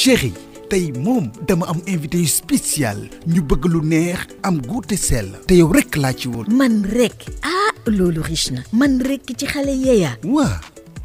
chéri tey moom dama am invité yu ñu bëgg lu neex am guute sell te yow rek laa ci woon man rek ah loolu riche na man rek ci xale yeeyaa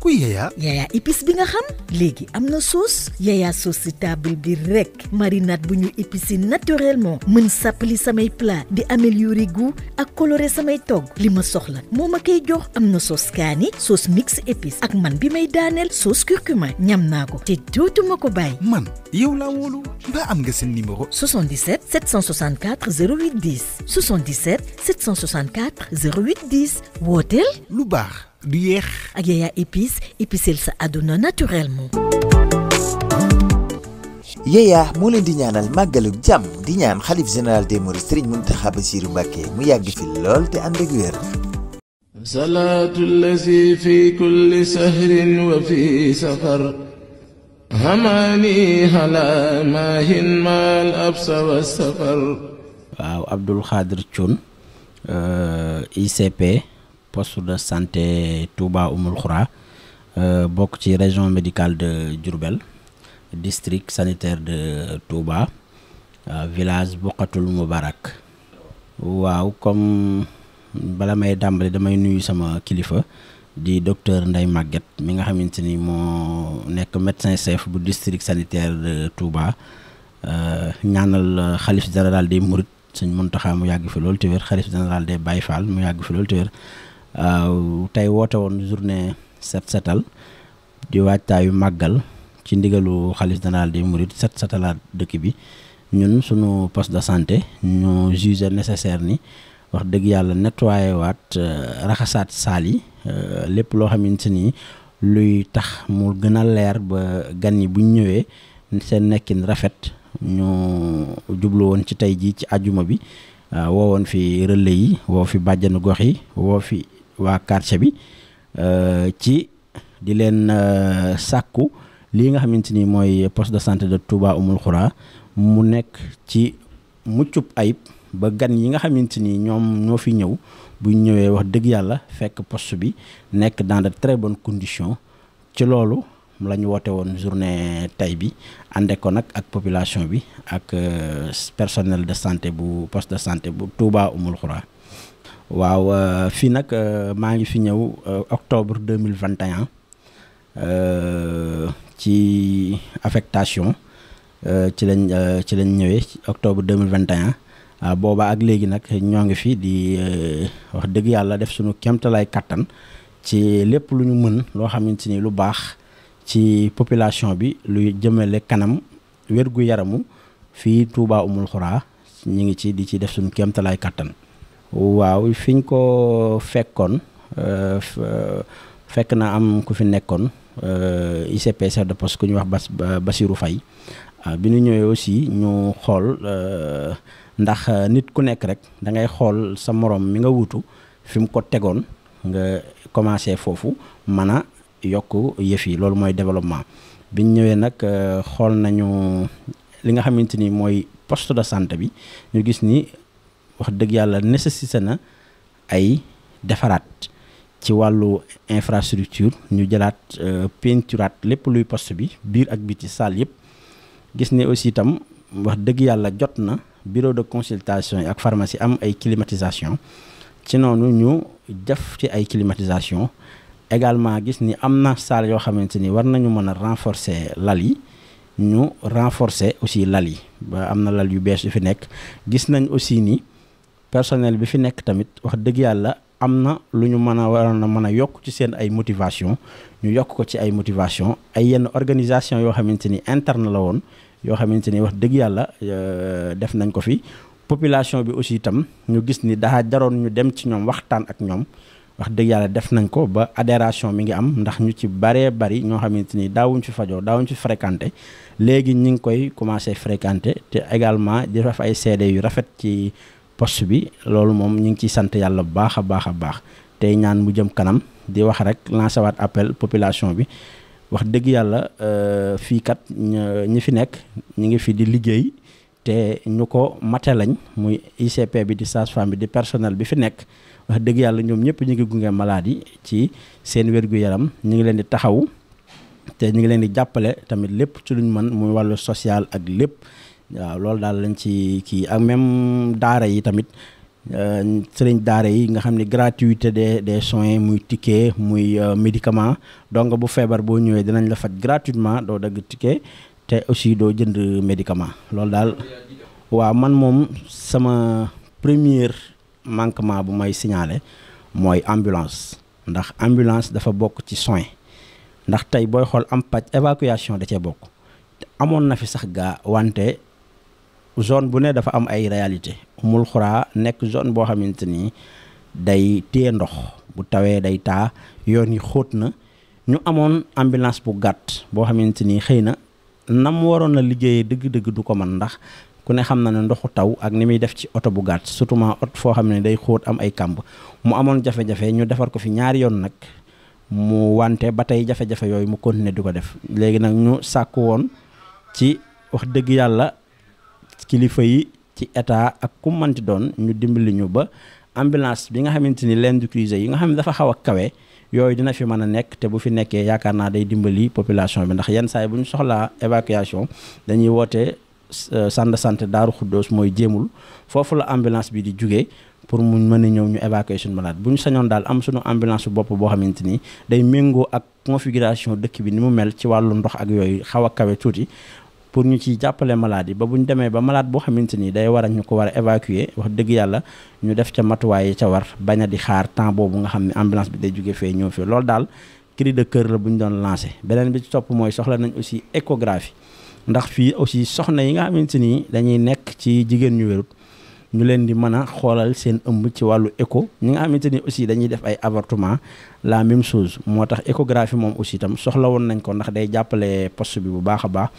kuy yeeyaa yeeyaa épice bi nga xam léegi am na soos yeeyaa sauce si table bi rek marinade bu ñu épicé naturellement mën sàppali samay plat di améliorer goût ak kolore samay togg li ma soxla moo ma koy jox am na sauce kaani sauce mix épice ak man bi may daaneel sauce curcuma ñam naa ko te dootuma ko bàyyi man yow laa wóolu mbaa am nga seen numéro 77 764 08 10 77 764 08 10 wooteel lu baax du yéex. ak Yaya épice épicel sa àdduna naturellement. Yaya moo leen di ñaanal màggalug jàmm di ñaan xalif général des Mourides Serigne Mountakha Bassirou mu yàgg fi lool te ànd ak wér. salaatu fi kulli sahrin wa fi safar hamani hala maahin maal absa wa safar. waaw Abdoul Khadir Thioune eh, ICP. poste de santé Touba Oumoul Khoura euh, bokk ci région médicale de Diourbel district sanitaire de Touba euh, village Boukhatoul Moubarak waaw comme bala may dàmbali damay nuyu sama kilifa di docteur Ndeye màgget mi nga xamante ni moo nekk médecin chef bu district sanitaire de Touba euh, ñaanal xalif général des Mourides sëñ taxa mu yàgg fi loolu te wér xalif général des Fall mu yàgg fi loolu te tey woote woon journée set setal di waajtaayu màggal ci ndigalu xalif général des mourides set setalaat dëkk bi ñun suñu poste de santé ñu jugé nécessaire ni wax dëgg yàlla nettoyé waat euh, raxasaat saal yi euh, lépp loo xamante ni luy tax mu gën a leer ba gan yi buñ ñëwee seen nekkin rafet ñu jublu woon ci tey jii ci àjjuma bi wowoon woon fi relais yi woo fi bàjjanu gox yi woo fi waa quartier bi euh, ci di leen euh, sàkku lii nga xamante ni mooy poste de santé de Touba Oumoul Khoura mu nekk ci muccub ayib ba gan yi nga xamante ni ñoom ñoo fi ñëw buñ ñëwee wax dëgg yàlla fekk post bi nekk dans de très bonnes condition ci loolu la ñu woote woon journée tey bi ànde ko nag ak population bi ak euh, personnel de santé bu poste de santé bu Touba umul Khoura waaw euh, fii nag euh, maa ngi fi ñëw euh, octobre deux mille vingt et un ci affectation ci lañ ci lañ ñëwee octobre deux mille vingt et un ah, booba ak léegi nag ñoo ngi fi di wax dëgg yàlla def suñu kéemtalaay kattan ci lépp lu ñu mën loo xamante ni lu baax ci population bi luy jëmale kanam wér yaramu fii Touba Oumoul Khoura ñu ngi ci di ci def suñu kéemtalaay kattan. waaw fiñ ko fekkoon euh, euh, fekk na am ku fi nekkoon euh, ICP chef de poste ku ñuy wax Bas Basirou Faye bi ñu ñëwee aussi ñu xool ndax nit ku nekk rek da ngay xool sa moroom mi nga wutu fi mu ko tegoon nga commencé foofu mën a yokk yëf yi loolu mooy développement bi ñu ñëwee nag xool nañu li nga xamante ni mooy poste de santé bi ñu gis ni wax dëgg yàlla nécessité na ay defaraat ci wàllu infrastructure ñu jëlaat euh, peinturaat lépp luy poste bi biir ak biti salle yëpp gis ni aussi itam wax dëgg yàlla jot na bureau de consultation yi ak pharmacie am ay climatisation ci noonu ñu def ci ay climatisation également gis ni am na salle yoo xamante ni war nañu mën a renforcer lal yi ñu renforcer aussi lal yi ba am na lal yu bees yu fi nekk gis nañ aussi ni personnel bi fi nekk tamit wax dëgg yàlla am na lu ñu mën a waroon na mën a yokk ci seen ay motivation ñu yokk ko ci ay motivation ay yenn organisation yoo xamante ni interne la woon yoo xamante ni wax dëgg yàlla euh, def nañ ko fi population bi aussi itam ñu gis ni daa jaroon ñu dem ci ñoom waxtaan ak ñoom wax dëgg yàlla def nañ ko ba aderation mi ngi am ndax ñu ci baree bari ñoo xamante ni daawuñ fi fajoo daawuñ fi fréquenté léegi ñi ngi post bi loolu moom ñu ngi ciy sant yàlla bu baax a baax a baax tey ñaan mu jëm kanam di wax rek lancer waat appel population bi wax dëgg yàlla euh, fii kat ñi fi nekk ñu ngi fi di liggéey te ñu ko mate muy ICP bi di sage-femme bi di personnel bi fi nekk wax dëgg yàlla ñoom ñëpp ñu ngi gunge malaadi ci seen wér yaram ñu ngi leen di taxawu te ñu ngi leen di jàppale tamit lépp ci luñ mën muy wàllu social ak lépp waaw loolu daal lañ ci kii ak même daara yi tamit euh, sëriñ daara yi nga xam ne gratuité des des soins muy ticket muy euh, médicament donc bu feebar boo ñëwee dinañ la faj gratuitement doo dagg ticket te aussi doo jënd médicament loolu daal waaw man moom sama premier manquement bu may signaler mooy ambulance ndax ambulance dafa bokk ci soin ndax tey booy xool am paj évacuation da cee bokk amoon na fi sax gaa wante zone bu ne dafa am ay réalité umul xuraa nekk zone boo xamante ni day téye ndox bu tawee day taa yoon yi xóot na ñu amoon ambulance bu gàtt boo xamante ni xëy na nam waroon na liggéeyee dëgg-dëgg du ko man ndax ku ne xam na ne ndoxu taw ak ni muy def ci oto bu gàtt surtout ot foo xam ne day xóot am ay kàmb mu amoon jafe-jafe ñu defar ko fi ñaari yoon nag mu wante ba tey jafe-jafe yooyu mu continuer di ko def léegi nag ñu sàkku woon ci wax dëgg yàlla kilifa yi ci état ak ku manti doon ñu dimbali ñu ba ambulance bi nga xamante ni leen du crise yi nga xam ne dafa xaw a kawe yooyu dina fi mën a nekk te bu fi nekkee yaakaar naa day dimbali population bi ndax yenn saa yi bu ñu soxlaa évacuation dañuy woote euh, centre de santé Daaru Xuddoos mooy jéemul foofu la ambulance bi di jugee pour mu mën a ñëw ñu évacuer suñu malade bu ñu sañoon daal am suñu ambulance bopp boo xamante ni day méngoo ak configuration dëkk bi ni mu mel ci wàllu ndox ak yooyu xaw a kawe tuuti pour ñu ci jàppale malade yi ba bu ñu demee ba malaat boo xamante ni day war ñu ko war a wax dëgg yàlla ñu def ca matuwaay yi ca war bañ a di xaar temps boobu nga xam ne ambulance bi day jóge fee ñëw fii loolu daal cri de cœur la bu ñu doon lancé beneen bi ci topp mooy soxla nañ aussi échographie ndax fii aussi soxna yi nga xamante ni dañuy nekk ci jigéen ñu wérut ñu leen di mën a xoolal seen ëmb ci wàllu écho ñi nga xamante ni aussi dañuy def ay avortement la même chose moo tax échographie moom aussi itam soxla woon nañ ko ndax day jàppale post bi bu baax baax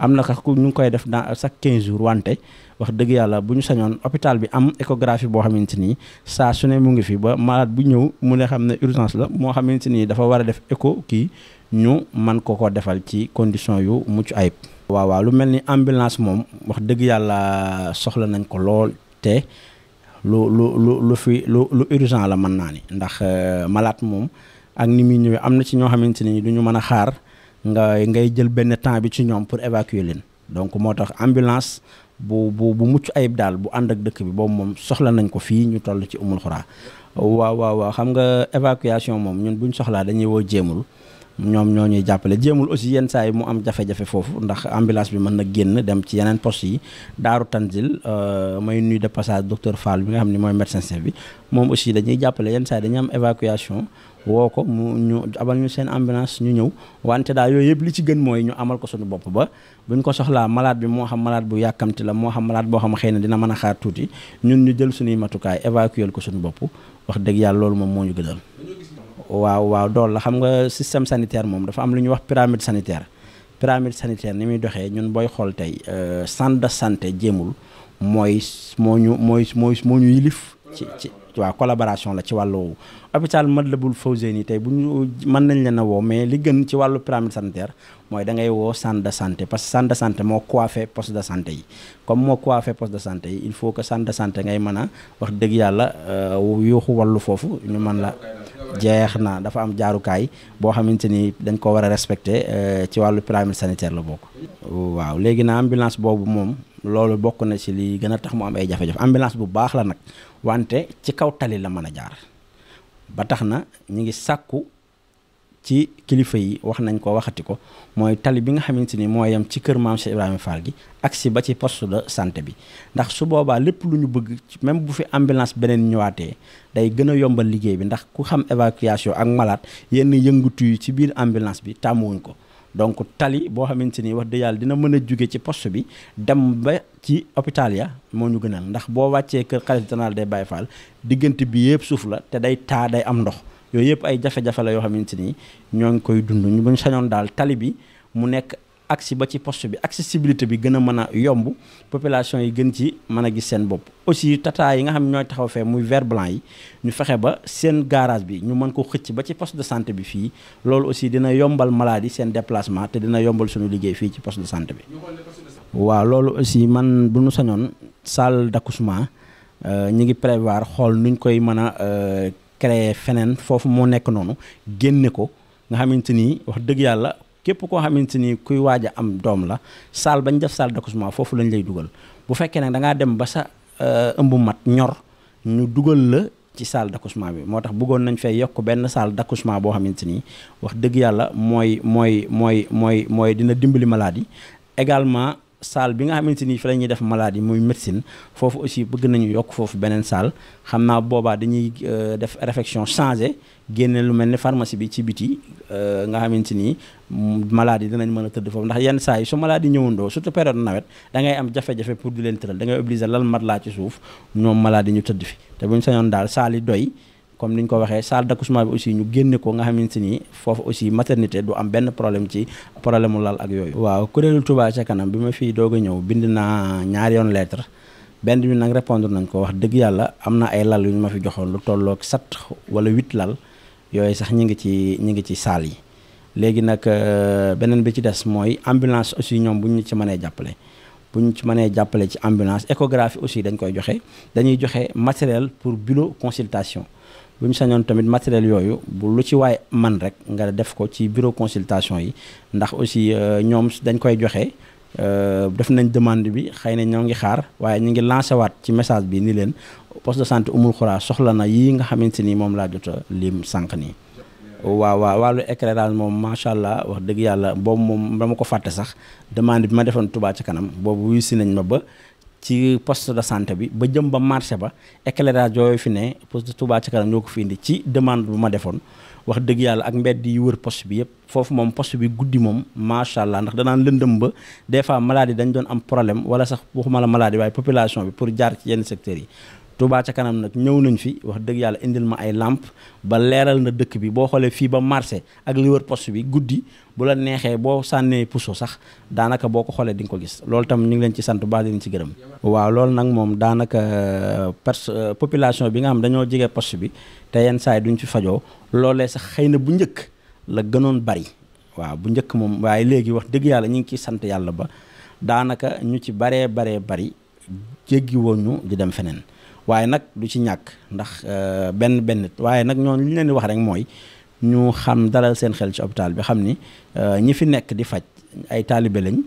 am na sax ku ñu ngi koy def dans chaque 15 jours wante wax dëgg yàlla bu ñu sañoon hôpital bi am échographie boo xamante ni saa su ne mu ngi fi ba malade bu ñëw mu ne xam ne urgence la moo xamante nii dafa war a def écho kii ñu man ko ko defal ci condition yu mucc ayib. waaw lu mel ni ambulance moom wax dëgg yàlla soxla nañ ko lool. te lu lu lu lu fi lu lu urgent la mën naa ni ndax euh, malaat moom ak ni muy ñëwee am na ci ñoo xamante ni du ñu mën a xaar nga ngay jël benn temps bi ci ñoom pour évacuer leen donc moo tax ambulance bu bu bu mucc ayib daal bu ànd ak dëkk bi boobu moom soxla nañ ko fii ñu toll ci umul xuraa waaw waaw waaw xam nga évacuation moom ñun buñ soxlaa dañuy woo jéemul ñoom ñoo ñuy jàppale jéemul aussi yenn saa yi mu am jafe-jafe foofu ndax ambulance bi mën na génn dem ci yeneen poste yi daaru tanzil euh, may nuy de passage docteur Fall bi nga xam ni mooy médecin chef bi moom aussi dañuy jàppale yenn saa yi dañuy am évacuation woo ko mu ñu abal ñu seen ambulance ñu ñëw wante daal yooyu yëpp li ci gën mooy ñu amal ko suñu bopp ba buñ ko soxlaa malaat bi moo xam malade bu yàkkamti la moo xam malaat boo xam xëy na dina mën a xaar tuuti ñun ñu jël suñuy matukaay évacuer ko suñu bopp wax dëgg yàlla loolu moom moo ñu gënal waaw waaw dool la xam nga système sanitaire moom dafa am lu ñuy wax pyramide sanitaire pyramide sanitaire ni muy doxee ñun booy xool tey euh, centre de santé jéemul mooy moo ñu mooy mooy moo ñu yilif ci ci waaw collaboration la ci wàllu hôpital Matlaboul Fawzeyni tey bu ñu mën nañ leen a woo mais li gën ci wàllu pyramide sanitaire mooy dangay woo centre de santé parce que centre de santé moo coiffé poste de santé yi comme moo coiffé poste de santé il faut que centre de santé ngay man a wax dëgg yàlla euh, yuuxu wallu foofu ñu man la jeex na dafa am jaarukaay boo xamante ni dañ ko war a respecté euh, ci wàllu pyramide sanitaire la bokk waaw léegi na ambulance boobu moom loolu bokk na ci li gën a tax mu am ay jafe-jafe bu baax la nag wante ci kaw tali la mën a jaar ba tax na ñu ngi sàkku ci kilifa yi wax nañ ko waxati ko mooy tali bi nga xamante ni moo yem ci kër maam Cheikh Ibrahima Fall gi ak si ba ci poste de santé bi ndax su boobaa lépp lu ñu bëgg même bu fi ambulance beneen ñëwaatee day gën a yombal liggéey bi ndax ku xam évacuation ak malaat yenn yëngutu yi ci biir ambulance bi tàmmuwuñ ko donc tali boo xamante ni wax dëgg yàlla dina mën a jóge ci post bi dem ba ci hôpital ya moo ñu gënal ndax boo wàccee kër xalifa général des Baye Fall diggante bi yëpp suuf la te day taa day am ndox yooyu yëpp ay jafe-jafe la yoo xamante ni ñoo ngi koy dund ñu sañoon daal tali bi mu nekk agsi ba ci poste bi accessibilité bi gën a mën a yomb population yi gën ci mën a gis seen bopp aussi tata yi nga xam ñooy taxaw fee muy vert yi ñu fexe ba seen garage bi ñu mën ko xëcc ba ci poste de santé bi fii loolu aussi dina yombal maladie seen déplacement te dina yombal suñu liggéey fii ci poste de santé bi waaw loolu aussi man bu ñu sañoon salle d'accouchement euh, ñu ngi prévoir xool nuñ koy mën a euh, créer feneen foofu moo nekk noonu génne ko nga xamante képp koo xamante ni kuy waaj a am doom la salle bañ def salle d'accouchement foofu lañ lay dugal bu fekkee nag dangaa dem ba sa euh, ëmb mat ñor ñu dugal la ci salle d'accouchement bi moo tax bëggoon nañ fay yokk benn salle d'accouchement boo xamante ni wax dëgg yàlla mooy mooy mooy mooy mooy dina dimbali malade yi salle bi nga xamante ni fi la ñuy def malade muy médecine foofu aussi bëgg nañu yokk foofu beneen salle xam naa boobaa dañuy euh, def refection changé génne lu mel ni pharmacie bi ci biti euh, nga xamante ni malade yi dinañ mën a tëdd foofu ndax yenn saa yi su malaadi yi ñëwandoo surtout période nawet da am jafe-jafe pour di leen tëral da ngay obligé mat laa ci suuf ñoom malade ñu tëdd fi te buñ sañoon daal saali yi doy comme ni ñu ko waxee salle d'accouchement bi aussi ñu génne ko nga xamante ni foofu aussi maternité du am benn problème ci problème mu lal ak yooyu. waaw kuréelu Touba ca kanam bi ma fi doog a ñëw bind naa ñaari yoon lettre benn bi nag répondre nañ ko wax dëgg yàlla am na ay lal yu ñu ma fi joxoon lu tolloog sept wala huit lal yooyu sax ñu ngi ci ñu ngi ci salle yi. léegi nag euh, beneen bi ci des mooy ambulance aussi ñoom bu ñu ci mënee jàppale bu ñu ci mënee jàppale ci ambulance échographie aussi dañ koy joxe dañuy joxe matériel pour bureau consultation. bu ñu sañoon tamit matériel yooyu bu lu ci waay man rek nga def ko ci bureau consultation yi ndax aussi euh, ñoom dañ koy joxe euh, def nañ demande bi xëy nañ ñoo ngi xaar waaye ñu ngi lancé waat ci message bi ni leen poste de santé Oumoul Khoura soxla na yi nga xamante ni moom laa jot a lim sànq nii. waaw waaw wàllu éclairage moom macha allah wax dëgg yàlla boobu moom dama ko fàtte sax demande bi ma defoon Touba ci kanam boobu wuyu si nañ ma ba. ci post de santé bi ba jëm ba marché ba éclairage yooyu fi ne poste Touba ci kanam ñoo ko fi indi ci demande bu ma defoon wax dëgg yàlla ak mbedd yi wër post bi yëpp foofu moom post bi guddi moom macha allah ndax danaan lëndëm ba des fois maladi dañ doon am problème wala sax waxuma la maladi waaye population bi pour jaar ci yenn secteurs yi Touba ca kanam nag ñëw nañ fi wax dëgg yàlla indil ma ay làmp ba leeral na dëkk bi boo xoolee fii ba marché ak li wër poste bi guddi bu la neexee boo sànnee puso sax daanaka boo ko xoolee di nga ko gis loolu tamit ñu ngi leen ci sant baax di leen ci waaw loolu nag moom daanaka euh, pers euh, population bi nga xam dañoo jege poste bi te yenn saa yi duñ fi sax xëy na bu njëkk la gënoon bari waaw bu njëkk moom waaye léegi wax dëgg yàlla ñu ngi ciy sant yàlla ba daanaka ñu ci baree baree bari jéggi woon ñu di dem feneen. waaye nag lu ci ñàkk ndax euh, benn benn waaye nag ñoo li ñu leen di wax rek mooy ñu xam dalal seen xel ci hôpital bi xam ni euh, ñi fi nekk di faj ay taalibe lañ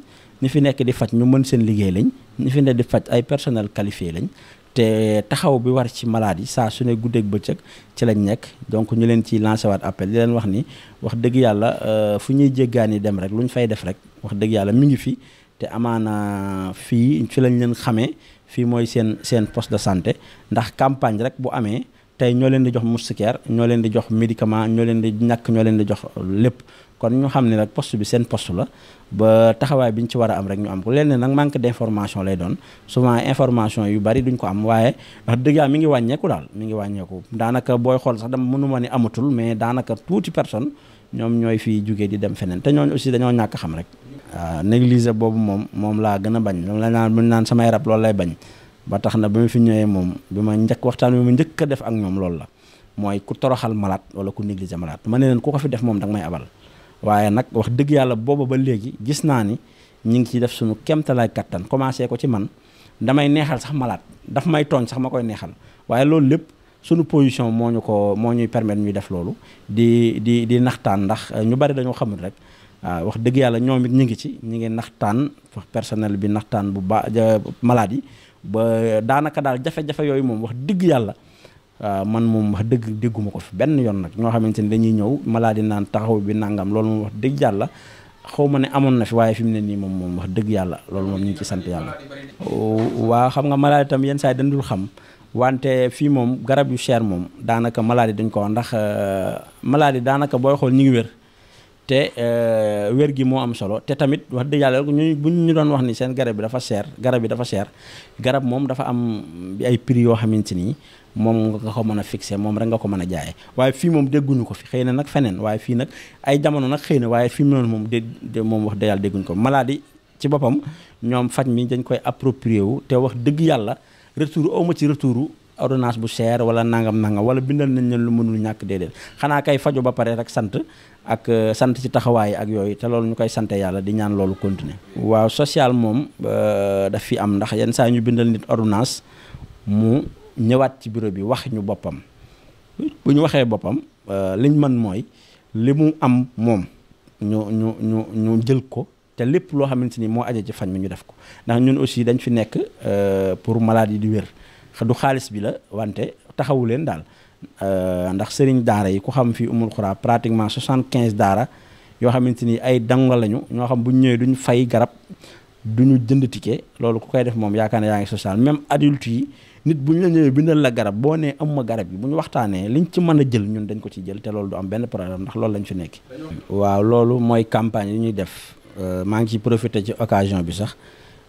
ñi fi nekk di faj ñu mën seen liggéey lañ ñi fi nekk di faj ay personnel qualifié lañ te taxaw bi war ci malade yi saa su ne guddeeg bëccëg ci lañ nekk donc ñu leen ci lancé waat appel di leen wax ni wax dëgg yàlla euh, fu ñuy jéggaani dem rek lu ñu fay def rek wax dëgg yàlla mu ngi fi te amaana fii fi lañ leen xamee fii mooy seen seen poste de santé ndax campagne rek bu amee tey ñoo leen di jox moustiquaire ñoo leen di jox médicament ñoo leen di ñàkk ñoo leen di jox lépp kon ñu xam ne nag post bi seen poste la ba taxawaay bi ñu ci war a am rek ñu am ko leen ne nag manque information lay doon souvent information yu bari duñ ko am waaye wax dëgg mi ngi wàññeeku daal mi ngi wàññeeku daanaka booy xool sax dama mënu ma ni amatul mais daanaka tuuti personne ñoom ñooy fii jógee di dem feneen te ñooñu aussi dañoo ñàkk xam rek waaw négliger boobu moom moom laa gën a bañ loolu la naan bu naan samay rab loolu lay bañ ba tax na ba ma fi ñëwee moom bi ma njëkk waxtaan bi ma njëkk a def ak ñoom loolu la mooy ku toroxal malaat wala ku négliger malaat ma ne leen ku ko fi def moom danga may waaye nag wax dëgg yàlla booba ba léegi gis naa ni ñu ngi ciy def suñu kemtalaay kattan commencé ko ci man damay neexal sax malaat daf may tooñ sax ma koy neexal waaye loolu lépp suñu position moo ñu ko moo ñuy permettre ñuy def loolu di di di naxtaan ndax ñu bari dañoo xamul rek waaw wax dëgg yàlla ñoom it ñu ngi ci ñu ngi naxtaan wax personnel bi naxtaan bu ba malade ba daanaka daal jafe-jafe yooyu moom wax dëgg yàlla man moom wax dëgg dégguma ko fi benn yoon nag ñoo xamante ni dañuy ñëw malade naan taxaw bi nangam loolu moom wax dëgg yàlla xaw ma ne amoon na fi waaye fi mu ne nii moom moom wax dëgg yàlla loolu moom ñu ngi ci sant yàlla. waa xam nga malade itam yenn saa yi xam wante fii moom garab yu cher moom daanaka malade dañ ko ndax euh, malade daanaka booy xool ñu ngi wér. te euh, wér gi moo am solo te tamit wax dëgg yàlla ñu bu ñu doon wax ni seen garab bi dafa seer garab yi dafa seer garab moom dafa am ay prix yoo xamante ni moom nga ko mën a fixé moom rek nga ko mën a jaayee waaye fii moom dégguñu ko fi xëy na nag feneen waaye fii nag ay jamono nag xëy na waaye fii noonu moom dé moom wax dëgg yàlla dégguñu ko maladie ci boppam ñoom faj mi dañ koy approprié wu te wax dëgg yàlla retour au ma ci retour ordonnance bu cher wala nangam nangam wala bindal nañ leen lu mënul ñàkk déedéet xanaa kay fajo ba pare rek sant ak euh, sant ci taxawaay ak yooyu te loolu ñu koy sante yàlla di ñaan loolu continuer waaw social moom euh, daf fi am ndax yenn saa ñu bindal nit ordonnance mu ñëwaat ci bureau bi wax ñu boppam bu ñu waxee boppam euh, liñ mën mooy li mu am moom ñu ñu ñu ñu jël ko te lépp loo xamante ni moo aja ci fañ mi ñu def ko ndax ñun aussi dañ fi nekk pour malade yi di wér du xaalis bi la wante taxawu leen daal euh, ndax sëriñ daara yi ku xam fii umul xuraa pratiquement soixante quinze daara yoo xamante ni ay danga lañu ñoo xam buñ ñëwee duñ fay garab duñu jënd ticket loolu ku koy def moom yaakaar ne yaa ngi social même adulte yi nit bu ñu la ñëwee bindal la garab boo nee am ma garab yi bu ñu waxtaanee liñ ci mën a jël ñun dañ ko ci jël te loolu du am benn problème ndax loolu lañu fi nekk. waaw loolu mooy campagne yi ñuy def euh, maa ngi ciy profité ci occasion bi sax.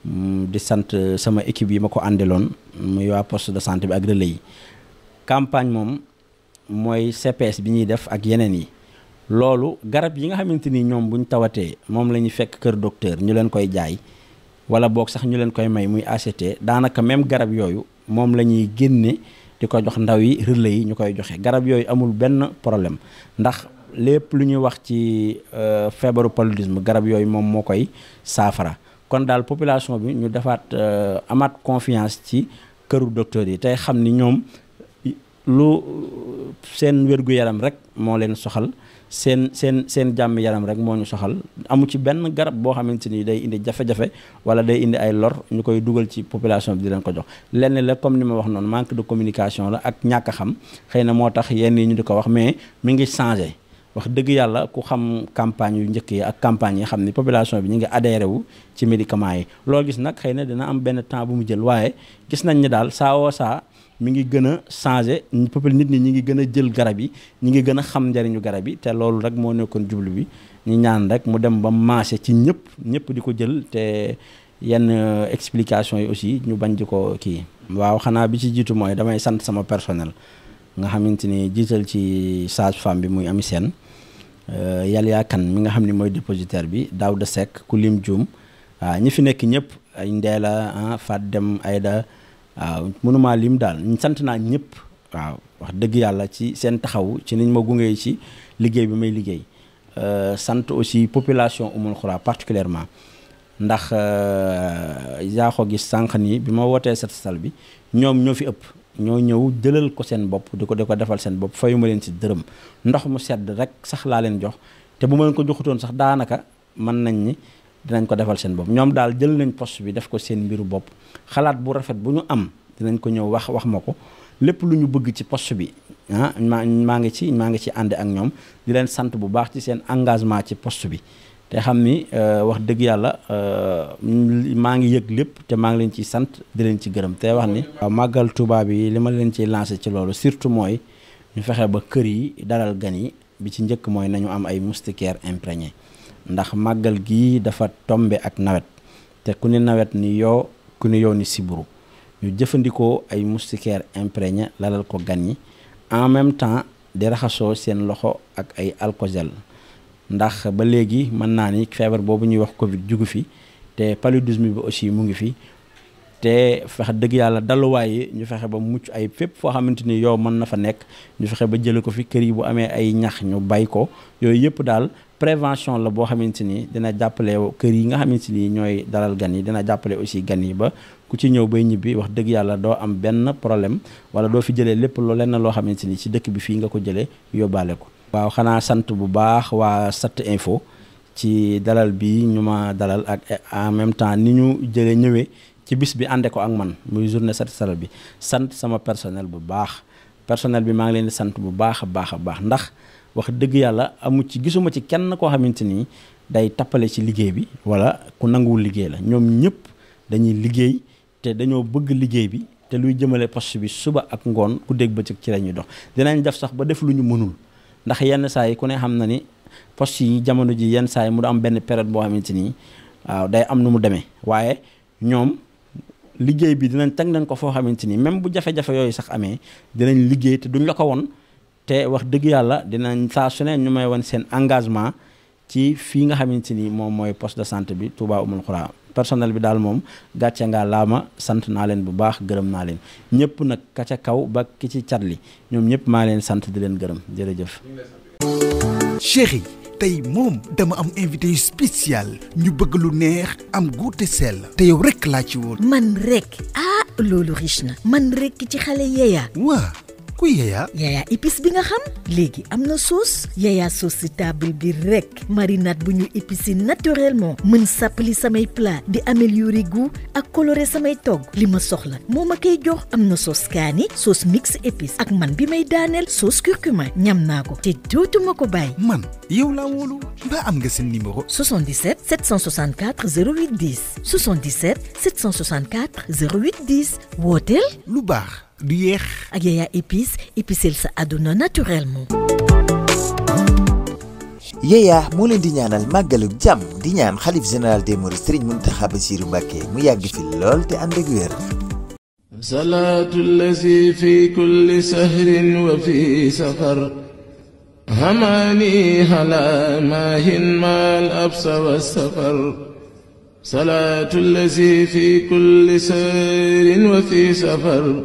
Mm, di sant euh, sama équipe yi ma ko àndeloon muy waa poste de sant bi ak relais yi campagne moom mooy CPS bi ñuy def ak yeneen yi loolu garab yi nga xamante ni ñoom bu ñu tawatee moom la ñu fekk kër docteur ñu leen koy jaay wala boog sax ñu leen koy may muy ACT daanaka même garab yooyu moom la ñuy génne di ko jox ndaw yi relais yi ñu koy joxee garab yooyu amul benn problème ndax lépp lu ñuy wax ci euh, feebaru paludisme garab yooyu moom moo koy saafara. kon daal population bi ñu defaat euh, amaat confiance ci këru docteur yi tey xam ni ñoom lu seen wérgu yaram rek moo leen soxal seen seen seen jàmm yaram rek moo ñu soxal amu ci benn garab boo xamante ni day indi jafe-jafe wala day indi ay lor ñu koy dugal ci population bi di leen ko jox lenn la comme ni ma wax noonu manque de communication la ak ñàkk xam xëy na moo tax yenn yi ñu di ko wax mais mi ngi changé wax dëgg yàlla ku xam campagne yu njëkk yi ak campagne yi xam ni population bi ñu ngi adhéré wu ci médicament yi loo gis nag xëy na dina am benn temps bu mu jël waaye gis nañ ni daal saa woo saa mi ngi gën a changé popul nit ñi ñi ngi gën a jël garab yi ñi ngi gën a xam njëriñu garab yi te loolu rek moo nekkoon jublu bi ñu ñaan rek mu dem ba marché ci ñëpp ñëpp di ko jël te yenn explication yi aussi ñu bañ di ko kii waaw xanaa bi ci jiitu mooy damay sant sama personnel nga xamante ni jiital ci sage-femme bi muy Ami Sène euh, Yaliya Kan mi nga xam ni mooy dépositaire bi daaw Daouda Seck ku lim juum waa ah, ñi fi nekk ñëpp ay Ndéla ah, Fat Dem Ayda mënuma lim daal sant naa ñëpp waaw wax dëgg yàlla ci seen taxaw ci niñ ma gungee ci liggéey bi may liggéey euh, sant aussi population Oumoul Khoura particulièrement ndax euh, yaa ko gis sànq nii bi ma wootee set sal bi ñoom ñoo fi ëpp ñoo ñëw jëlal ko seen bopp di ko di ko defal seen bopp fayu leen si dërëm ndox mu sedd rek sax laa leen jox te bu ma leen ko joxutoon sax daanaka mën nañ ni dinañ ko defal seen bopp ñoom daal jël nañ poste bi def ko seen mbiru bopp xalaat bu rafet bu ñu am dinañ ko ñëw wax wax ma ko lépp lu ñu bëgg ci post bi ah maa maa ngi ci maa ngi ci ànd ak ñoom di leen sant bu baax ci seen engagement ci post bi te xam ni euh, wax dëgg yàlla euh, maa ngi yëg lépp te maa ngi leen ciy sant di leen ci gërëm te wax ni. màggal tubaab yi li ma leen ci lancé ci loolu surtout mooy ñu fexe ba kër yi dalal gan yi bi ci njëkk mooy nañu am ay moustiquaires imprégnées ndax màggal gii dafa tombe ak nawet te ku ni nawet ni yoo ku ni yoo ni siburu ñu jëfandikoo ay moustiquaires imprégnées lalal ko gan yi en même temps di raxasoo seen loxo ak ay alcogel ndax ba léegi mën naa ni feebar boobu ñuy wax Covid jugu fi te paludisme ba aussi mu ngi fi te fexe dëgg yàlla dalluwaay ñu fexe ba mucc ay fépp foo xamante ni yow mën na fa nekk ñu fexe ba jële ko fi kër yi bu amee ay ñax ñu bay ko yooyu yëpp daal prévention la boo xamante ni dina jàppale kër yi nga xamante ni ñooy dalal gan yi dina jàppale aussi gan yi ba ku ci ñëw bay ñibbi wax dëgg yàlla doo am benn problème wala doo fi jëlee lépp loo lenn loo xamante ni ci dëkk bi fii nga ko jëlee yóbbaale ko waaw xanaa sant bu baax waa SAT info ci dalal bi ñu ma dalal ak en même temps ni ñu jëlee ñëwee ci bis bi ànde ko ak man muy journée SAT Séral bi sant sama personnel bu baax personnel bi maa ngi leen sant bu baax a baax a baax ndax wax dëgg yàlla amu ci gisuma ci kenn koo xamante ni day tappale ci liggéey bi wala ku nanguwul liggéey la ñoom ñëpp dañuy liggéey te dañoo bëgg liggéey bi te luy jëmale poste bi suba ak ngoon ku dégg bëccëg ci la ñuy dox dinañ def sax ba def lu ñu mënul ndax yenn saa yi ku ne xam na ni poste yi jamono ji yenn saa yi mu am benn période boo xamante ni waaw day am nu mu demee waaye ñoom liggéey bi dinañ teg nañ ko foo xamante ni même bu jafe-jafe yooyu sax amee dinañ liggéey te duñ la ko woon te wax dëgg yàlla dinañ saa su ne ñu may woon seen engagement ci fii nga xamante ni moom mooy poste de santé bi Touba Oumoul Khoura personnel bi daal moom gàcce ngaa laama sant naa leen bu baax gërëm naa leen ñëpp nag ka ca kaw ba ki ci cat li ñoom ñëpp maa leen sant di leen gërëm jërëjëf. Cheikh yi tey moom dama am invité yu spécial ñu bëgg lu neex am guute sell te yow rekk laa ci woon. man rek ah loolu riche na man rek ci xale yeeya. waaw. ku yeeyaa yeeyaa épice bi nga xam léegi am na soos yeeyaa sauce si table bi rek marinade bu ñu épicé naturellement mën sàppali samay plat di améliorer gu ak kolore samay togg li ma soxla moo ma koy jox am na sauce kaani sauce mix épice ak man bi may daaneel sauce curcuma ñam naa ko te dootuma ko bàyyi man yow laa wóolu mbaa am nga seen numéro 77 764 08 10 77 764 08 10 wooteel lu baax du yéex. ak Yaya épice épicel àdduna naturellement. Yaya moo leen di ñaanal màggalug xalif général des Mourides Serigne Mountakha Bassirou Mbacké mu yàgg fi lool te ànd ak fi kulli sahrin wa fi safar. هماني هلا ماهن ما الأبس والسفر صلاة الذي في كل سير وفي سفر